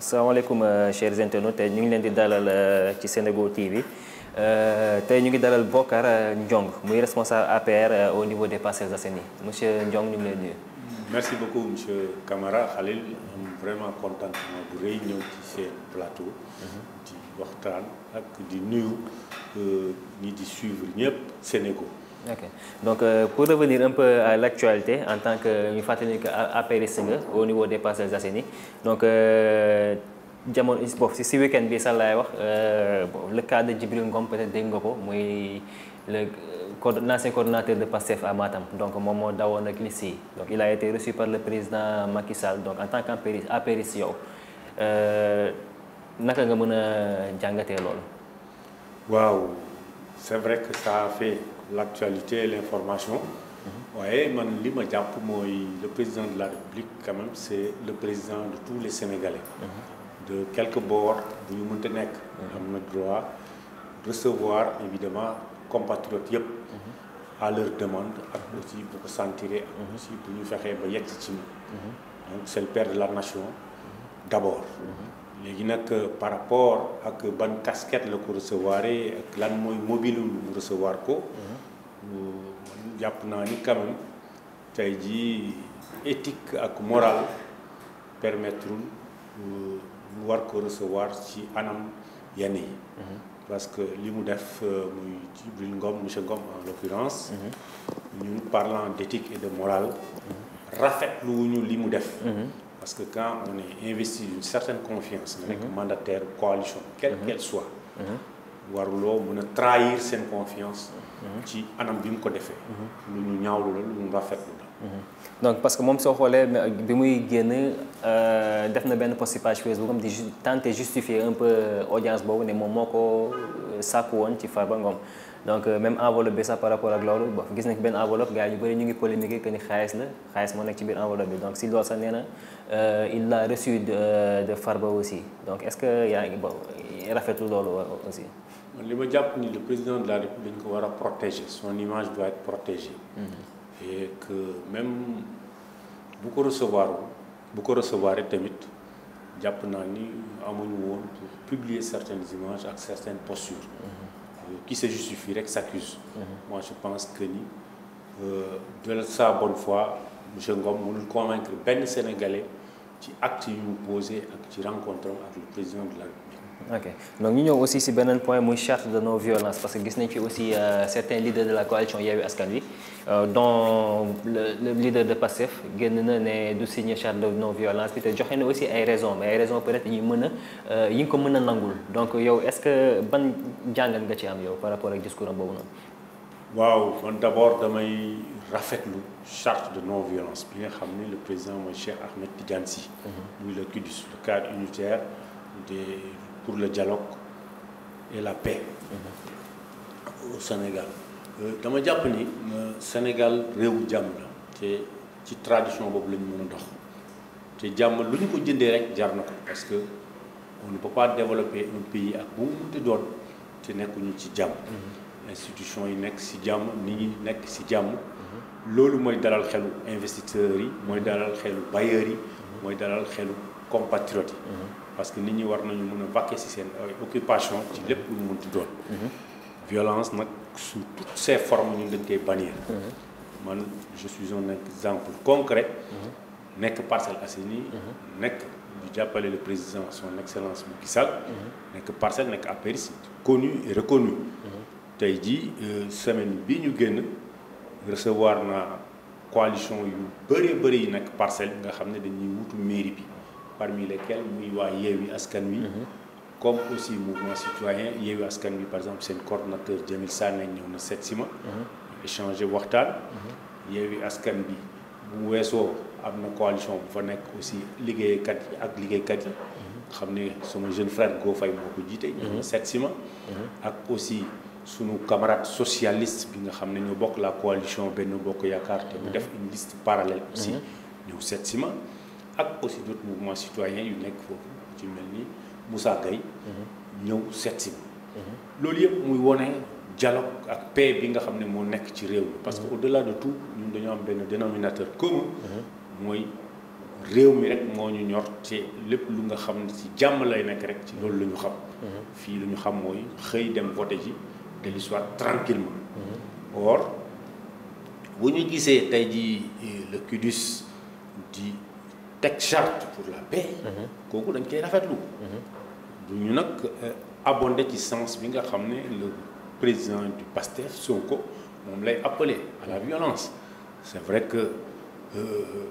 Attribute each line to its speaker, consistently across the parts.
Speaker 1: asalaamaaleykum euh, chers internautes tey ñu ngi leen di dalal euh, ci Sénégo TV euh, te ñu ngi dalal Bocar njong muy responsable APR au niveau des Parcelles seni monsieur Ndiongue ñu ngi leen nuyu.
Speaker 2: merci beaucoup monsieur Camara Khalil am vraiment contentement bu rëy ñëw ci seen plateau. Mm-hmm. di waxtaan ak di nuyu ñi di
Speaker 1: suivre ñëpp Sénégo. ok donc euh, pour revenir un peu l'actualité en tant que ñu fàttali que apériste nga au niveau des Parcelles Assainies donc euh, jamono boobu si si week-end bi sax laay wax euh, le cas de Djibril Ngom peut-être dégg nga ko muy le euh, l'ancien coordonnateur de PASTEF à Matam donc moom moo dawoon ak liste yi donc il a été reçu par le président Macky Sall donc en tant qu'apériste yow naka nga mën a jàngatee loolu. waaw
Speaker 2: c'est vrai que ça fait. l'actualité et l'information waaye mhm. man li ma jàpp mooy le président de la République quand même c'est le président de tous les Sénégalais mhm. de quelque bord bu ñu mënta nekk mhm. am na droit recevoir évidemment compatriotes yëpp à leur demande ak aussi bu ko sentiree ak aussi bu ñu fexee ba yegg ci ñu donc c'est le père de la nation d'abord léegi nag euh, par rapport ak ban casquette la ko recevoir ak lan mooy mobile mu recevoir ko jàpp naa ni quand tey jii éthique ak morale permettrul euh, mu war ko recevoir ci anam yenn yi mhm. parce que li mu def euh, muy Djibril Ngom monsieur Ngom en l'occurrence mhm. ñun parlant d'éthique et de morale mhm. rafetlu wuñu li mu def parce que quand on est investi d'une certaine confiance nga nekk mandataire coalition quelle qu'elle soit waruloo mën a trahir seen confiance ci anam bi mu ko defee. lu ñu ñaawlu la lu ñu rafetlu la.
Speaker 1: donc parce que moom soo xoolee bi muy génn euh, def na benn post page Facebook am di tenter justifier un peu euh, audience boobu ne moom moo ko euh, sàkku woon ci Farba ngoom donc même enveloppe bi sax par rapport ak loolu ba gis nañ benn enveloppe gars yi ñu bëri ñu ngi polémique que ni xaalis la xaalis moo nekk ci biir enveloppe bi donc si loolu sax nee na il l'a reçu de Farba aussi donc est-ce que yaa ngi rafetlu loolu aussi.
Speaker 2: man li ma jàpp ni le président de la république dañ ko war a protéger son image doit être protégée. Mm-hmm. et que même bu ko recevoir bu ko recevoir tamit jàpp naa ni amuñu woon pour publier certaines images ak certaines postures. Mm-hmm. Euh, qui se justifie rek s'accuse mm-hmm. moi je pense que ni euh, de sa bonne fois monsieur Ngom mënul convaincre benn sénégalais ci acte yu mu posé ak ci rencontre am ak le président de la république.
Speaker 1: ok donc ñu ñëw aussi si beneen point muy charte de non violence parce que gis nañ fi aussi euh, certains leaders de la coalition Yewwi Askan Wi euh, dont le, le leader de Pastef génn na ne du signer charte de non violence bi te joxe na aussi ay raisons mais ay raisons peut-être yi mën a euh, yi nga ko mën a nangul donc yow est-ce que ban jàngat nga ci am yow par rapport ak discours am boobu noonu. waaw man d'abord damay rafetlu charte de
Speaker 2: non violence bi nga xam ni le président mooy Cheikh Ahmed Tidiane Sy. Mhm. muy le CUDIS pour le dialogue et la paix mhm. au Sénégal euh, dama jàpp ni euh, Sénégal réewu jàmm la te ci tradition boobu la ñu ndox a te jàmm lu ñu ko jëndee rek jar na ko parce que on ne peut pas développer un pays ak bu mu munti doon te nekkuñu ci jàmm mhm. institution yi nekk si jàmm ni ñi nekk si jàmm mhm. loolu mooy daral xelu investisseurs yi mooy dalal xelu bailleurs yi mooy daral xelu compatriotes yi parce que nit ñi war nañu mën a vaquer ci seen ay euh, occupation ci lépp lu mënti doon mhm. violence nag su toutes ses formes ñun dañ koy bannir mhm. man je suis un exemple concret
Speaker 1: mhm.
Speaker 2: nekk Parcelles Assainies nekk di jàppale le président son excellence Macky Sall nekk Parcelles nekk à Paris connu et reconnu tey jii euh, semaine bi ñu génn recevoir na coalition yu bëree bëri yi nekk Parcelles nga xam ne dañuy wutu mairie bi parmi lesquels muy waa Yewwi Askan Wi. Mhm. comme aussi mouvement citoyen Yewwi Askan Wi par exemple seen coordonnateur Jamil Sané ñëw na seet si ma. Mhm. échanger waxtaan. Mhm. Yewwi Askan bi bu weesoo am na coalition bu fa nekk aussi liggéeykat yi ak liggéeykat yi. xam ne sama jeune frère jiite. ñëw na seet si ma. ak aussi. sunu camarade socialiste bi nga xam ne ñoo bokk la coalition Benno Bokk Yaakaar te mu def une liste parallèle aussi ñëw seet si ma ak aussi d' autres mouvements citoyens yu nekk foofu ci mel ni Moussa Gueye mhm. ñëw seet si mhm. loolu yëpp muy wone dialogue ak paix bi nga xam ne moo nekk ci réew mi parce que mhm. au delà de tout ñun dañoo am benn dénominateur commun mooy réew mi rek moo ñu ñor te lépp lu nga xam ne ci jàmm lay nekk rek ci loolu lañu xam fii lu ñu xam mooy xëy dem voté ji dellu soit tranquillement or bu ñu gisee tey ji le CUDIS di teg charte pour la paix. Mhm. kooku dañ koy rafetlu. Mhm. du ñu nag euh, abondé ci sens bi nga xam ne le président du PASTEF Sonko moom lay appelé à la violence c'est vrai que euh,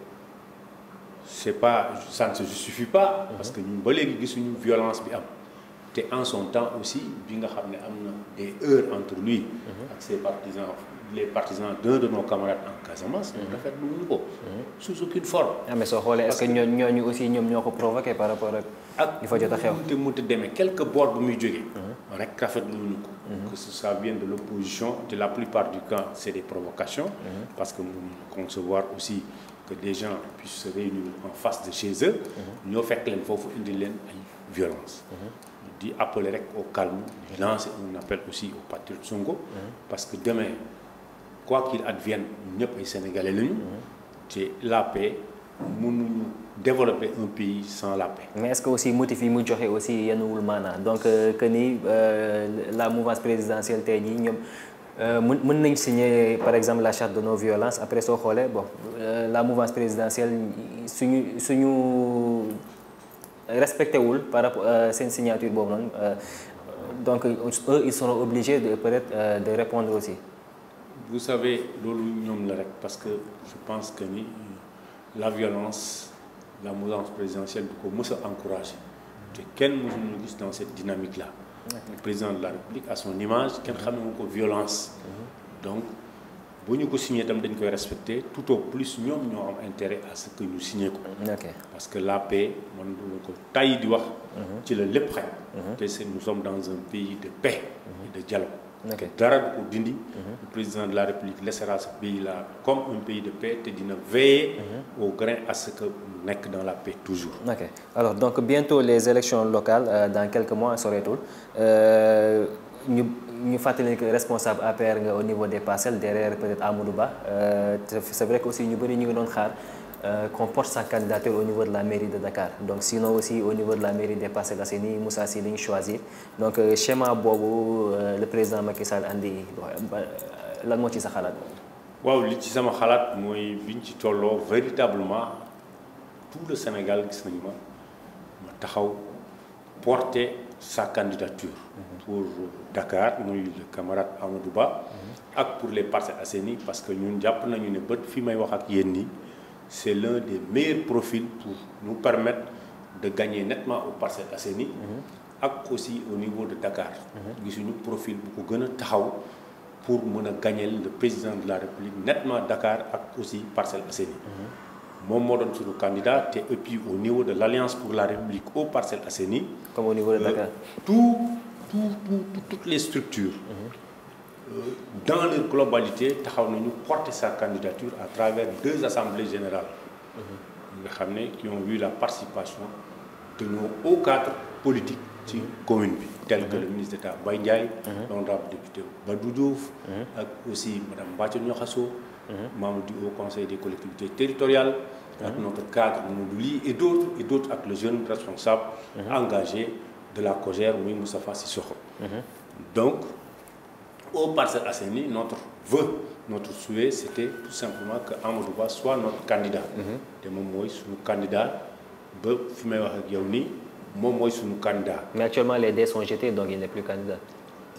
Speaker 2: c'est pas ça ne se justifie pas. Mhm. parce que ñun ba léegi gisuñu violence bi am. te en son temps aussi bi nga xam ne am na des heures entre lui mhm. ak ses partisans les partisans d'un de nos camarades en Casamance. ñoom rafetlu wuñu ko.
Speaker 1: Mhm. sous aucune forme. ah mais soo xoolee est-ce que ñooñu ñooñu aussi ñoom ñoo ko provoqué par rapport ak. ak li fa jot a xew te mënut a demee quelque boor bu muy jógee. Mhm. rek rafetlu wuñu ko. ce soit bien
Speaker 2: de l'opposition te la plupart du temps c'est des provocations. parce que mun concevoir aussi que des gens puissent se réunir ñoo fekk foofu indi leen violence. Mhm. di appeler rek au calme di lancer un appel aussi au patriote Sonko. Mhm. parce que demain quoi qu'il advienne ñëpp ay sénégalais lañu. Mhm. te la paix mënuñu développe un pays sans la paix.
Speaker 1: mais est-ce que aussi motif yi mu joxe aussi yenuwul maanaam donc euh, que ni euh, la mouvance présidentielle tey jii ñoom. mun euh, mën nañ signer par exemple la charte de non violence après soo xoolee bon la mouvance présidentielle suñu suñu. respecté wul par rapport euh, seen signature boobu noonu euh, donc eux ils seront obligés de peut-être euh, de répondre aussi.
Speaker 2: vous savez loolu ñoom la rek parce que je pense que ni la violence la mouvance présidentielle du ko mës a encouragé te kenn mësuñu gis dans cette dynamique là. le président de la République à son image kenn xamee ko violence. Mm-hmm. donc boo ñu ko signé tam dañ koy respecté tout au plus ñoom ñoo am intérêt à ce que ñu signé ko. parce que la paix man duma ko tay di wax. Mhm. ci la lépp xëy. Mhm. te c'est nous sommes dans un pays de paix. Mhm. de dialogue. dara du ko dindi. le président de la république laissera ce pays là comme un pays de paix te dina veiller. au grain à ce que mu nekk dans la paix toujours.
Speaker 1: ok alors donc bientôt les élections locales euh, dans quelques mois soreetul ñu. ñu fàttali que responsable APR nga au niveau des parcelles derrière peut-être Ba euh, c'est vrai que aussi ñu bëri ñu ngi doon xaar euh, qu'on porte sa candidature au niveau de la mairie de Dakar donc sinon aussi au niveau de la mairie des Parcelles Assainies Moussa Sy la ñu choisir donc euh, schéma boobu le président Macky Sall andi lan moo ci sa xalaat.
Speaker 2: waaw li ci sama xalaat mooy biñ ci tolloo véritablement tout le Sénégal gis nañu ma ma taxaw porter. sa candidature pour Dakar muy le camarade Amadou Ba ak pour les Parcelles Assainies parce que ñun jàpp nañu ne bët fi may wax ak yéen nii c'est l'un des meilleurs profils pour nous permettre de gagner nettement aux Parcelles Assainies ak aussi au niveau de Dakar suñu profil bu ko gën a taxaw pour mën a gagner le président de la République nettement Dakar ak aussi Parcelles Assainies moom moo doon suñu candidat te et puis au niveau de l' alliance pour la république aux Parcelles Assainies. comme au niveau de euh, tout tout toutes les structures. Mhm. Euh, dans leur globalité taxaw nañu porter sa candidature à travers deux assemblées générales.
Speaker 1: Mhm.
Speaker 2: nga xam ne qui ont vu la participation de nos hauts cadres politique ci mhm. commune bi. tel que le ministre d'État Mbaye Ndiaye. l'honorable député Badou Diouf. ak aussi madame Mbathio Niokhasso. membre du haut conseil des collectivités territoriales. avec notre cadre Moudouli et d'autres, et d'autres avec le jeune responsable uh-huh. engagé de la COGER, Mouy Moustapha Sissoko. Uh-huh. Donc, au Parcelles Asseni, notre vœu, notre souhait, c'était tout simplement que Amadouba soit notre candidat. Uh-huh. te moom mooy suñu candidat ba fi may wax ak yow nii moom mooy suñu candidat. mais actuellement les dés sont jetés donc il n'est plus candidat.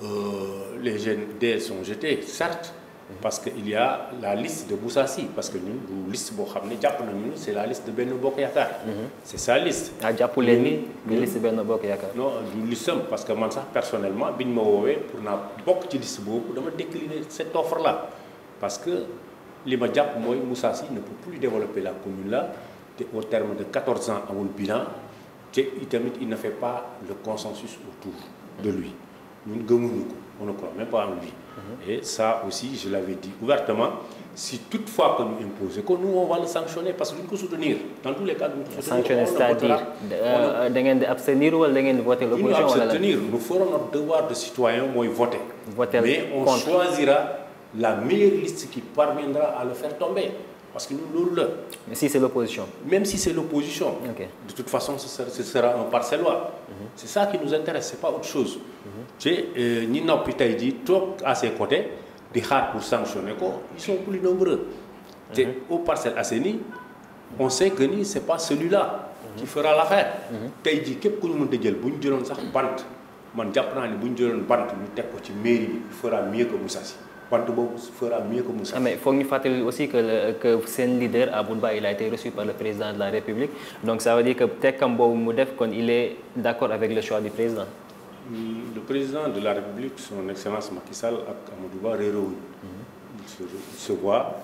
Speaker 2: Euh, les jeunes dés sont jetés certes. parce que il y a la liste de Moussa parce que ñun du liste boo xam ne jàpp nañu c'est la liste de Benno Bokk Yaakaar. Mhm. c'est sa liste. ah jàpp leen ni du liste Benno Bokk Yaakaar. non du liste parce que man sax personnellement biñ ma woowee pour naa bokk ci liste boobu dama décliner cette offre là. parce que li ma jàpp mooy Moussa Sy ne peut plus développer la commune la te au terme de 14 ans amul bilan te itamit il ne fait pas le consensus de lui ñun on ne croit même pas en lui. Et ça aussi, je l'avais dit ouvertement, si toutefois que nous imposons, que nous, on va le sanctionner parce que nous devons soutenir. Dans tous les cas, euh, nous devons Sanctionner, c'est-à-dire, vous
Speaker 1: abstenir ou vous voter l'opposition Nous abstenir, nous ferons notre devoir de citoyen, moi, voter. Mais on choisira
Speaker 2: la meilleure liste qui parviendra à le faire tomber. parce que ñun loolu la.
Speaker 1: mais si c'est l'opposition.
Speaker 2: même si c'est l'opposition. de toute façon ce sera, ce sera un parcellois. Mm-hmm. c'est ça qui nous intéresse c'est pas autre chose. Mhm. te euh, ñi noppi tey jii toog à ses côtés di xaar pour sanctionner ko ils sont plus nombreux. te mhm. au Parcelles Assainies on sait que ni c'est pas celui-là. Mhm. qui fera l'affaire. tey jii képp ku ñu mënta jël bu ñu jëloon sax bant man jàpp naa ni bu ñu jëloon bant ñu teg ko ci mairie bi il fera mieux que Moussa wante
Speaker 1: boobu fera mieux que Moussa. Ah, mais ñu fàttali aussi que le, seen leader Abouba il a été reçu par le président de la République donc ça veut dire que tekkam boobu mu def kon il est d'accord avec le choix du président.
Speaker 2: le président de la République son excellence Macky Sall ak Amadou Ba réeróowuñu. Mhm. se voit.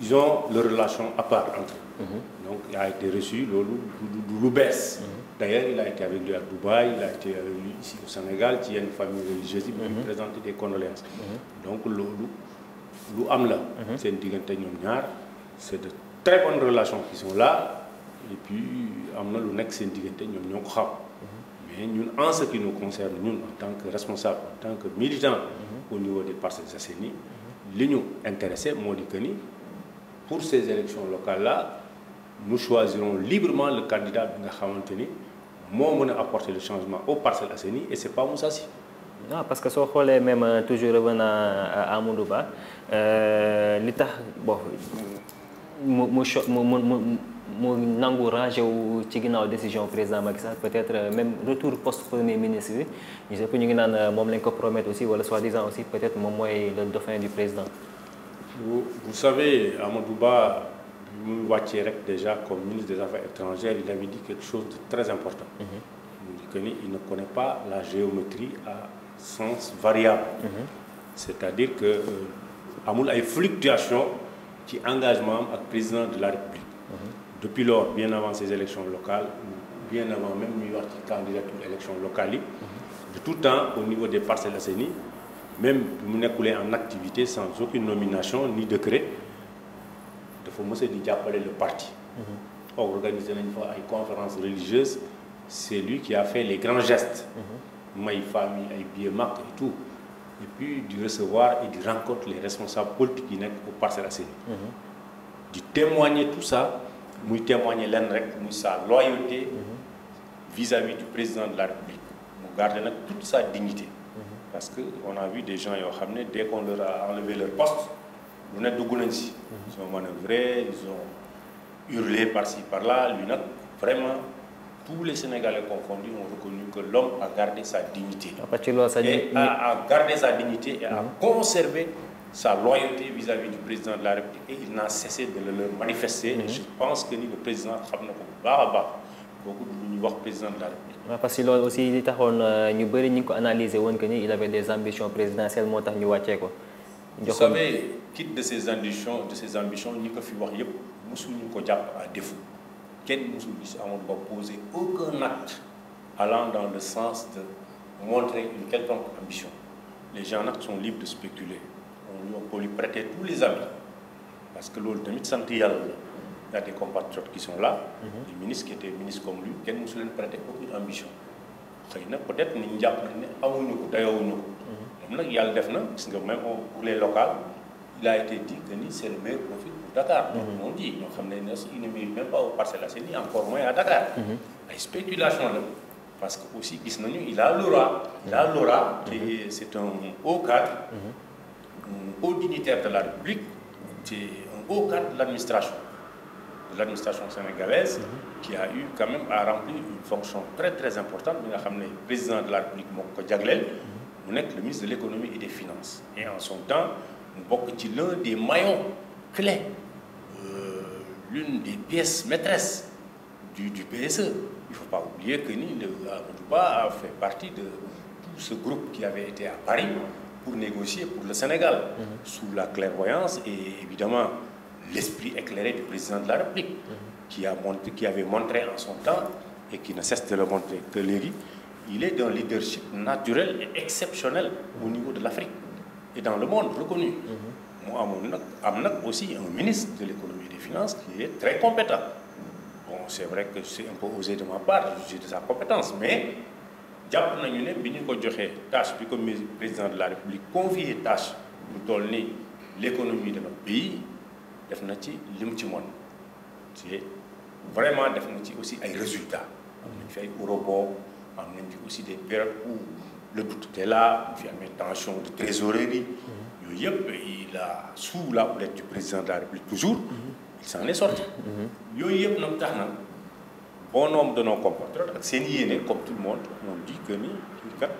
Speaker 2: ils ont leur relation à part entre eux. Mmh. donc il a été reçu loolu du lu bees. Mhm. d' ailleurs il a été avec lui à Dubaï il a été avec lui ici au Sénégal ci yenn famille religieuse yi. pour mhm. présenter des condoléances. Mhm. donc loolu lu am la. seen diggante ñoom ñaar c' de très bonnes relations qui sont là et puis am na lu nekk seen diggante ñoom ñoo ko xam. mais ñun en ce qui nous concerne ñun en tant que responsable en tant que militant. au niveau des Parcelles Assainies. li ñu intéressé moo di que ni. pour ces élections locales la nous choisirons librement le candidat bi nga xamante ni moo mën a apporter le changement aux Parcelles Assainies e c'est pas Moussa
Speaker 1: non parce que soo xoolee même euh, toujours revenant à Amadou Ba euh, li tax bon mu mu mu mu mu nangu rangé wu décision président Macky peut-être euh, même retour poste premier ministre bi ñu sëpp ñu ngi naan moom lañ ko promettre aussi wala soi-disant aussi peut-être moom mooy le dauphin du président.
Speaker 2: vous vous savez Amadou Ba bi muy wàccee rek déjà comme ministre des affaires étrangères il avait dit quelque chose de très important. mu mhm. que ni il ne connaît pas la géométrie à sens variable. Mhm. c'est-à-dire que euh, amul ay fluctuations ci engagement am ak président de la République. Mhm. depuis lors bien avant ces élections locales bien avant même ñuy wax ci candidature élections locales yi. de tout temps au niveau des Parcelles Assainies même bi mu nekkulee en activité sans aucune nomination ni décret dafa mës di jàppale le parti mhm. organisé nañ fa ay conférences religieuses c'est lui qui a fait les grands gestes mhm. may famille ay bie mag et tout et puis di recevoir et di rencontre les responsables politiques yi nekk au Parcelles Assainies mhm. di témoigner tout ça muy témoigner lenn rek muy sa loyauté vis-à-vis du président de la République mu garder nag tout sa dignité parce que on a vu des gens yoo xam ne dès qu'on leur a enlevé leur poste lu ne dugg nañ si. Mhm. ils ont manœuvré ils ont hurlé par-ci par-là lui nag vraiment tous les Sénégalais confondus ont reconnu que l'homme a gardé sa dignité. Ah, et a gardé sa dignité et a mhm. conservé sa loyauté vis-à-vis du président de la République et il n'a cessé de le leur manifester. et mhm. je pense que ni le président xam na ko bu baax a wax
Speaker 1: président de la République. parce que loolu aussi li taxoon euh, ñu bëri ñu ngi ko analyser woon que ni il avait des ambitions présidentielles moo tax ñu wàccee ko. jox vous savez
Speaker 2: quitte de ces ambitions de ces ambitions ñi ko fi wax yëpp ñu ko jàpp a défaut kenn mosul gis Amadou Ba poser aucun acte allant dans le sens de montrer une quelconque ambition. les gens nag sont libres de spéculer on peut tous les habits parce que loolu tamit sant yàlla la. y a des compatriotes qui sont là. des ministres qui étaient ministres comme lui kenn mosu leen prêter ambition. xëy na peut-être nit ñi amuñu ko dayoowuñu ko. Mhm. moom nag yàlla def na gis nga même pour les locales il a été dit que ni c'est le meilleur Dakar. moom ji ñoo xam ne ne il ne mérite même pas aux Parcelles encore moins à Dakar. Mhm. ay spéculation la parce que aussi gis nañu il a l'aura. il a mhm. l'aura te c'est un haut cadre. haut dignitaire de la République. c'est de l'administration sénégalaise qui a eu quand même à remplir une fonction très très importante xam ne président de la République moo ko jagleel mu nekk le ministre de l'économie et des finances et en son temps mu bokk ci l'un des maillons clés euh, l'une des pièces maîtresses du PSE il faut pas oublier que ni le Amadou Ba a fait partie de tout ce groupe qui avait été à Paris pour négocier pour le Sénégal mm-hmm. sous la clairvoyance et évidemment l'esprit éclairé du président de la République mhm. qui, a montré, qui avait montré en son temps et qui ne cesse de le montrer que léegi il est d'un leadership naturel et exceptionnel au niveau de l'Afrique et dans le monde reconnu mu mhm. amoon nag am nag aussi un ministre de l'économie et des finances qui est très compétent bon c'est vrai que c'est un peu osé de ma part je suis de sa compétence mais jàpp nañu ne bi ñu ko joxee tâche bi ko président de la République confier tâche bu toll ni l'économie de notre pays def na ci li mu ci moon ci vraiment def na ci aussi ay résultats am nañ fi ay eurobond am nañ fi aussi des périodes où le doute était là fi amee tension de trésorerie mm-hmm. yooyu yëpp il a sous la houlette du président de la République toujours mm-hmm. il s'en est sorti
Speaker 1: mm-hmm.
Speaker 2: yooyu yëpp nag tax na bon nombre de nos compatriotes ak seen yéene comme tout le monde on dit que ni kat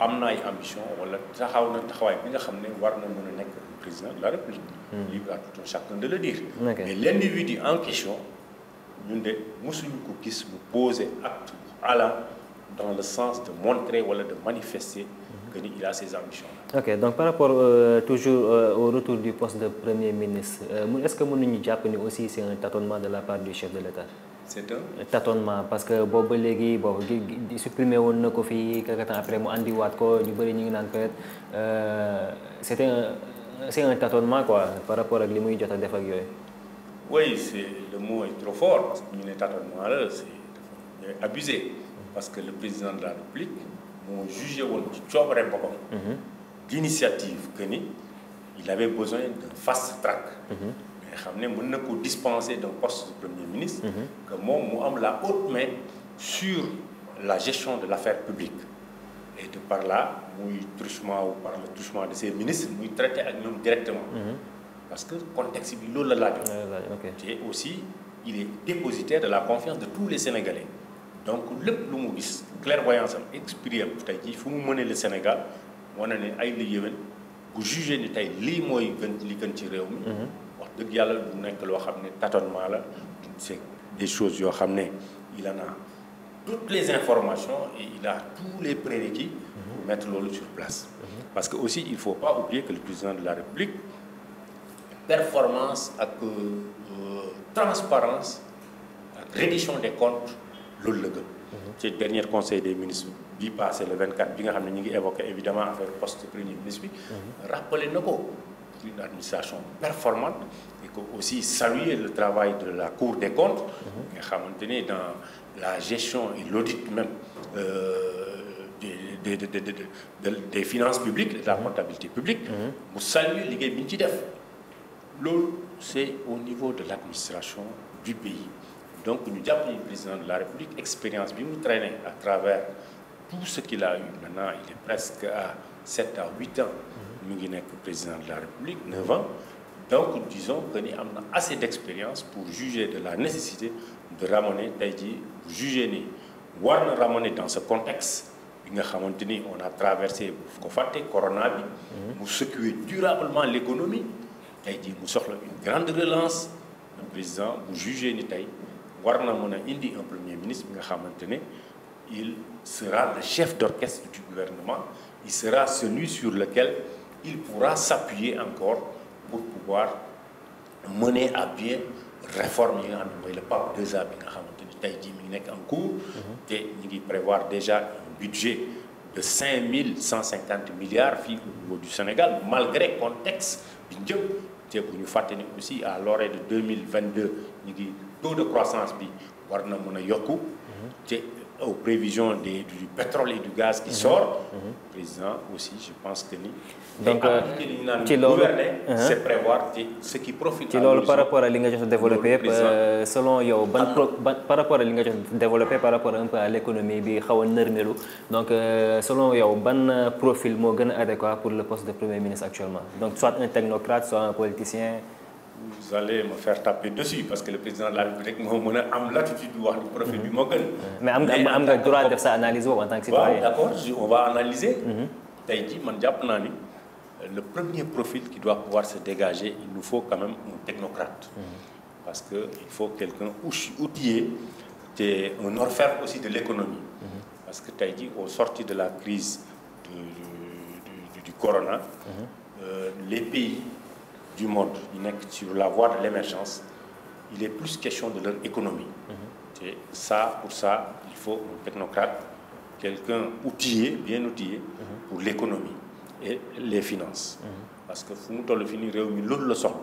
Speaker 2: am na ay ambition wala taxaw na taxawaay bi nga xam ne war na mën a nekk président de la république. Hmm. libre à tout un chacun de le dire.
Speaker 1: mais l'individu
Speaker 2: en question ñun de mosuñu ko gis mu poser acte allant dans le sens de montrer wala de manifester. Hmm. que ni il a ses ambitions.
Speaker 1: ok donc par rapport euh, toujours euh, au retour du poste de premier ministre euh, est-ce que mënuñu jàpp ni aussi c'est un tâtonnement de la part du chef de l'État c'est un tâtonnement parce que boobu ba léegi boobu gi supprimé woon na ko fii quelque temps après mu andiwaat ko ñu bëri ñu ngi naan peut-être euh, c'était un c'est un tâtonnement quoi par rapport ak li muy jot a def ak yooyu.
Speaker 2: oui c'est le mot est trop fort parce que ñu ne tâtonnement la c'est dafa parce que le président de la République moo jugé woon ci coobare boppam. Mm-hmm. d'initiative que ni il avait besoin d'un fast track. Mm-hmm. xam ne mën na ko dispenser d'un poste premier ministre mm-hmm. que moom mu am la haute main sur la gestion de l'affaire publique et de par la muy truchement ou par le truchement de ses ministres muy traité ak ñoom directement mm-hmm. parce que contexte bi loolu la laajoon te aussi il est dépositaire de la confiance de tous les Sénégalais donc lépp lu mu gis clairvoyance am expérience tey jii fu mu mënee le Sénégal wane ne ay li yéwén bu jugé ni tey lii mooy gën li gën ci réew mi mm-hmm. dëgg yàlla du nekk loo xam ne tâtonnement la c'est des choses yoo xam ne il en a
Speaker 1: toutes les informations
Speaker 2: et il a tous les prérequis pour mhm. mettre loolu sur place mhm. parce que aussi il faut pas oublier que le président de la République performance ak euh, euh transparence ak reddition des comptes loolu la gën mhm. ci dernier conseil des ministres bi passé le bi nga xam ne ñu ngi évoqué évidemment affaire poste premier ministre bi rappelé na ko une administration performante et que aussi saluer le travail de la Cour des comptes nga xamante ne dans la gestion et l'audit même euh, des des des des finances publiques de la mhm. comptabilité publique. Mhm. mu saluer liggéey bi ñu ci def. loolu c'est au niveau de l'administration du pays donc ñu jàpp ni président de la République expérience bi mu traîner à travers tout ce qu'il a eu maintenant il est presque à sept à huit ans. mu ngi nekk président de la république 9 ans donc disons que ni am na assez d'expérience pour juger de la nécessité de ramener tey jii juger ni war na ramener dans ce contexte bi nga xamante ni on a traversé bu ko fàtte corona bi. Mhm. mu secouer durablement l'économie tey jii mu soxla une grande relance le président bu juger ni tey war na mën a indi un premier ministre bi nga xamante ne il sera le chef d'orchestre du gouvernement il sera celui sur lequel. il pourra s'appuyer encore pour pouvoir mener à bien réforme yi nga xam ne mooy le PAP 2A bi nga xamante ni tey jii mi ngi nekk en cours. Mhm. te ñu ngi prévoir déjà un budget de 5150 milliards fii au niveau du Sénégal malgré contexte bi njëm te bu ñu fàtte ni aussi à l'orée de 2022 ñu ngi taux de croissance bi war na mën a yokku mhm. te aux prévisions des, du pétrole et du gaz qui mhm. Mhm. donc euh, ci loolu gouverner mhm. c'est prévoir par rapport
Speaker 1: li nga jot a développé yëpp euh, selon yow ban par rapport li nga jot développé par rapport un peu à l'économie bi xaw a nërmelu donc euh, selon yow bann profil moo gën a adéquat pour le poste de premier ministre actuellement donc soit un technocrate soit un politicien vous allez me
Speaker 2: faire taper dessus parce que le président de la République moo mën a am l'attitude bu wax ni profil bi mais am nga am nga sa analyse boobu en tant que citoyen. waaw d'accord on va analyser. Mm-hmm. tey jii man jàpp naa ni euh, le premier profil qui doit pouvoir se dégager il nous faut quand même un technocrate. Mm-hmm. parce que il faut quelqu'un outillé te un orfèvre aussi de l'économie. Mm-hmm. parce que tey jii au sorti de la crise du corona. Euh, les pays. du monde ñu nekk sur la voie de l'émergence il est plus question de leur économie mhm. te ça pour ça il faut un technocrate quelqu'un outillé bien outillé mhm. pour l'économie et les finances mhm. parce que fu mu toll fi ni réew mi loolu la soxla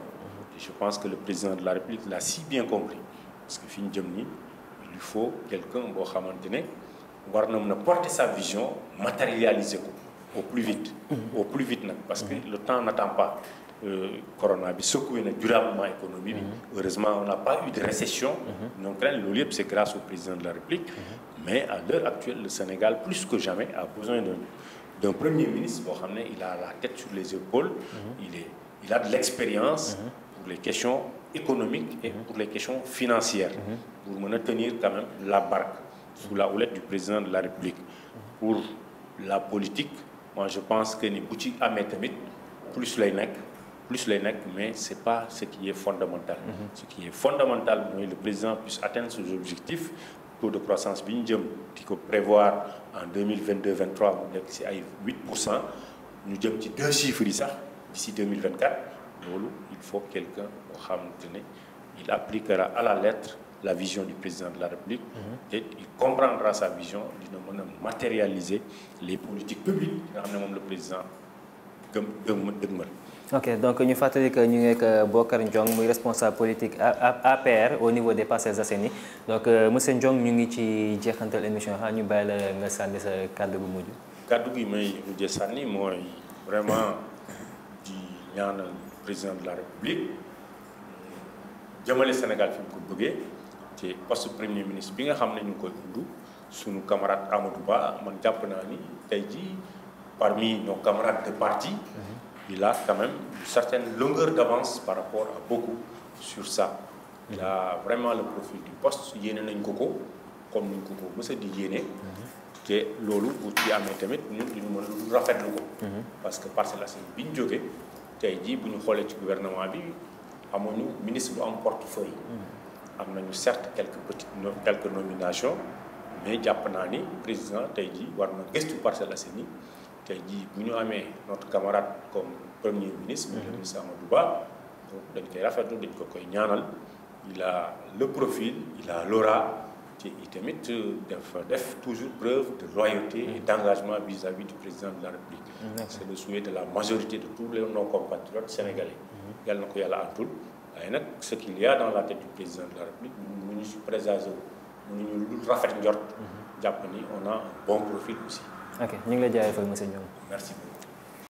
Speaker 2: et je pense que le président de la République l'a si bien compris parce que fi ñu jëm nii il faut quelqu'un boo xamante ne war na mën a porter sa vision matérialiser ko au plus vite au plus vite nag parce que le temps na pas Euh, corona bi secoué durablement économie bi. Mhm. heureusement on n'a pas eu de récession. Mhm. donc ren loolu yëpp c'est grâce au président de la République. Mhm. mais à l'heure actuelle le Sénégal plus que jamais a besoin d'un d'un premier ministre boo xam ne il a la tête sur les épaules. il est il a de l'expérience. pour les questions économiques et pour les questions financières. pour mën a tenir quand la barque sous la houlette président de la République. pour la politique moi je pense que ni bu ci amee tamit plus lay nekk. plus lay nekk mais c'est pas ce qui est fondamental mhm. ce qui est fondamental mooy le président puisse atteindre ses objectifs taux de croissance bi ñu jëm di ko prévoir en 2022 23 mu nekk ci ay 8 pour cent ñu jëm ci deux chiffres yi sax d'ici 2024 loolu il faut quelqu'un boo xamante ne il appliquera à la lettre la vision du président de la République mhm. et il comprendra sa vision dina mën a matérialiser les politiques publiques nga xam ne moom le président gëm gëm
Speaker 1: ok donc ñu fàttali que ñu ngi ak euh, Bocar Ndiong muy responsable politique APR au niveau des Parcelles Assainies donc euh, monsieur Ndiong ñu ngi ci jeexantal émission xaa ñu bàyyi la nga sànni sa kàddu bu mujj. kàddu gi may mujj sànni mooy
Speaker 2: vraiment di ñaanal président de la république jëmale Sénégal fi mu ko bëggee te poste premier ministre bi nga xam ne ñu ngi koy udd suñu camarade Amadou Ba man jàpp naa ni tey ji parmi nos camarades de parti. Mhm. il a quand même une certaine longueur d'avance par rapport a beaucoup sur sa il vraiment le profil du poste yéene nañ ko ko comme nuñ ko ko mës a di yéene. te loolu bu ci amee tamit ñun duñu mën rafet rafetlu ko. parce que Parcelles Assainies bi ñu jógee tey jii bu ñu xoolee ci gouvernement bi amuñu ministre bu am portefeuille. am nañu certes quelques petites quelques nominations mais jàpp naa ni président tey jii war na gëstu Parcelles Assainies. tey jii bu ñu amee notre camarade comme premier ministre. le mhm. ministre Amadou Ba. dañ koy rafetlu dañ ko koy ñaanal il a le profil il a l'aura te itamit euh, dafa def toujours preuve de loyauté et mhm. d'engagement vis-à-vis du président de la République. Mhm. c'est le souhait de la majorité de tous les nos compatriotes sénégalais. yàlla na ko yàlla antul waaye nag ce qu'il y dans la tête du président de la République mu ñu si présager wu mu ñu rafet njort. jàpp ni on a
Speaker 1: ok ñu ngi lay jaayee foofu monsieur Ndiob. merci beaucoup.